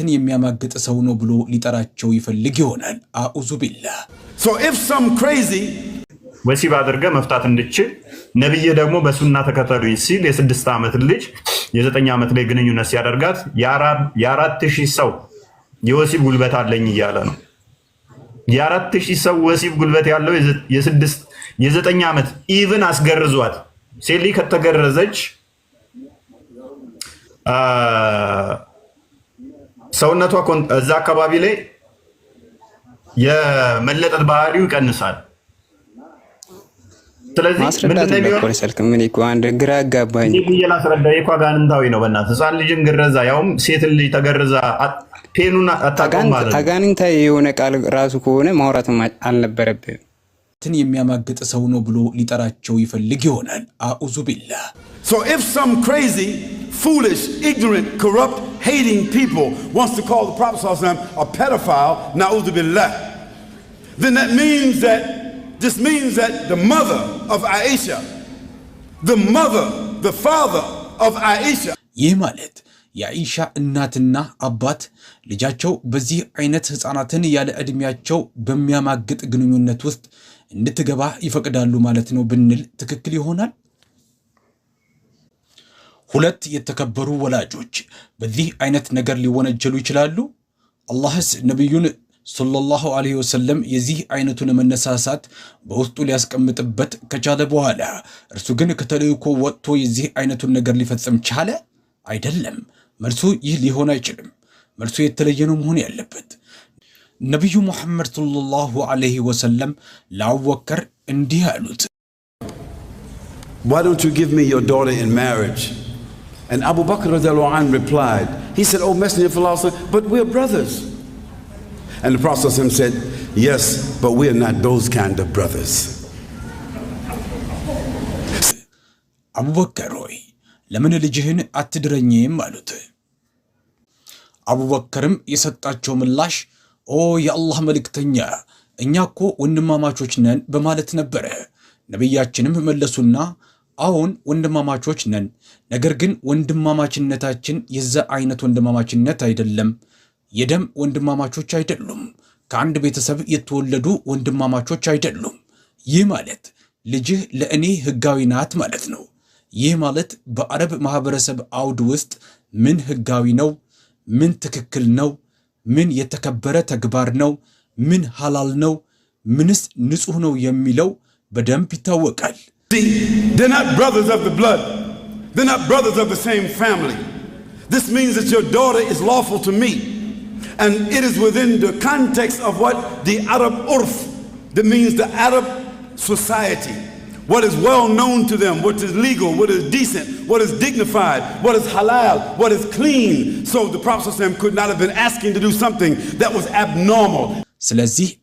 ትን የሚያማግጥ ሰው ነው ብሎ ሊጠራቸው ይፈልግ ይሆናል። አዑዙ ቢላ ወሲብ አድርገ መፍታት እንድችል ነብዬ ደግሞ በሱና ተከተሉ ሲል የስድስት ዓመት ልጅ የዘጠኝ ዓመት ላይ ግንኙነት ሲያደርጋት የአራት ሺህ ሰው የወሲብ ጉልበት አለኝ እያለ ነው። የአራት ሺህ ሰው ወሲብ ጉልበት ያለው የዘጠኝ ዓመት ኢቭን አስገርዟት ሴሊ ከተገረዘች ሰውነቷ እዛ አካባቢ ላይ የመለጠጥ ባህሪው ይቀንሳል። ስለዚህ ነው። በእናትህ ህፃን ልጅን ግረዛ ያውም ሴት ልጅ ተገርዛ ፔኑን አታውቅም ማለት ነው። የሆነ ቃል ራሱ ከሆነ ማውራትም አልነበረብህም። ትን የሚያማግጥ ሰው ነው ብሎ ሊጠራቸው ይፈልግ ይሆናል። አዑዙ ቢላህ hating people wants to call the Prophet a pedophile, na'udhu billah, then that means that, this means that the mother of Aisha, the mother, the father of Aisha. ይህ ማለት የአኢሻ እናትና አባት ልጃቸው በዚህ አይነት ህፃናትን ያለ ዕድሜያቸው በሚያማግጥ ግንኙነት ውስጥ እንድትገባ ይፈቅዳሉ ማለት ነው ብንል ትክክል ይሆናል? ሁለት የተከበሩ ወላጆች በዚህ አይነት ነገር ሊወነጀሉ ይችላሉ? አላህስ ነቢዩን ሰለላሁ ዐለይሂ ወሰለም የዚህ አይነቱን መነሳሳት በውስጡ ሊያስቀምጥበት ከቻለ በኋላ እርሱ ግን ከተልእኮ ወጥቶ የዚህ አይነቱን ነገር ሊፈጽም ቻለ? አይደለም። መልሱ ይህ ሊሆን አይችልም። መልሱ የተለየ ነው መሆን ያለበት። ነቢዩ ሙሐመድ ሰለላሁ ዐለይሂ ወሰለም ለአቡበከር እንዲህ አሉት Why don't you give me your daughter in marriage? And Abu Bakr an replied, he said, Oh Messenger of Allah, but we're brothers. And the Prophet said, Yes, but we're not those kind of brothers. አቡ በከር ሆይ ለምን ልጅህን አትድረኝም አሉት። አቡበከርም የሰጣቸው ምላሽ ኦ የአላህ መልእክተኛ እኛ እኮ ወንድማማቾች ነን በማለት ነበረ። ነቢያችንም መለሱና አሁን ወንድማማቾች ነን። ነገር ግን ወንድማማችነታችን የዛ አይነት ወንድማማችነት አይደለም። የደም ወንድማማቾች አይደሉም። ከአንድ ቤተሰብ የተወለዱ ወንድማማቾች አይደሉም። ይህ ማለት ልጅህ ለእኔ ህጋዊ ናት ማለት ነው። ይህ ማለት በአረብ ማህበረሰብ አውድ ውስጥ ምን ህጋዊ ነው፣ ምን ትክክል ነው፣ ምን የተከበረ ተግባር ነው፣ ምን ሐላል ነው፣ ምንስ ንጹሕ ነው የሚለው በደንብ ይታወቃል። See, they're not brothers of the blood. They're not brothers of the same family. This means that your daughter is lawful to me. And it is within the context of what the Arab urf, that means the Arab society, what is well known to them, what is legal, what is decent, what is dignified, what is halal, what is clean. So the Prophet ﷺ could not have been asking to do something that was abnormal. ስለዚህ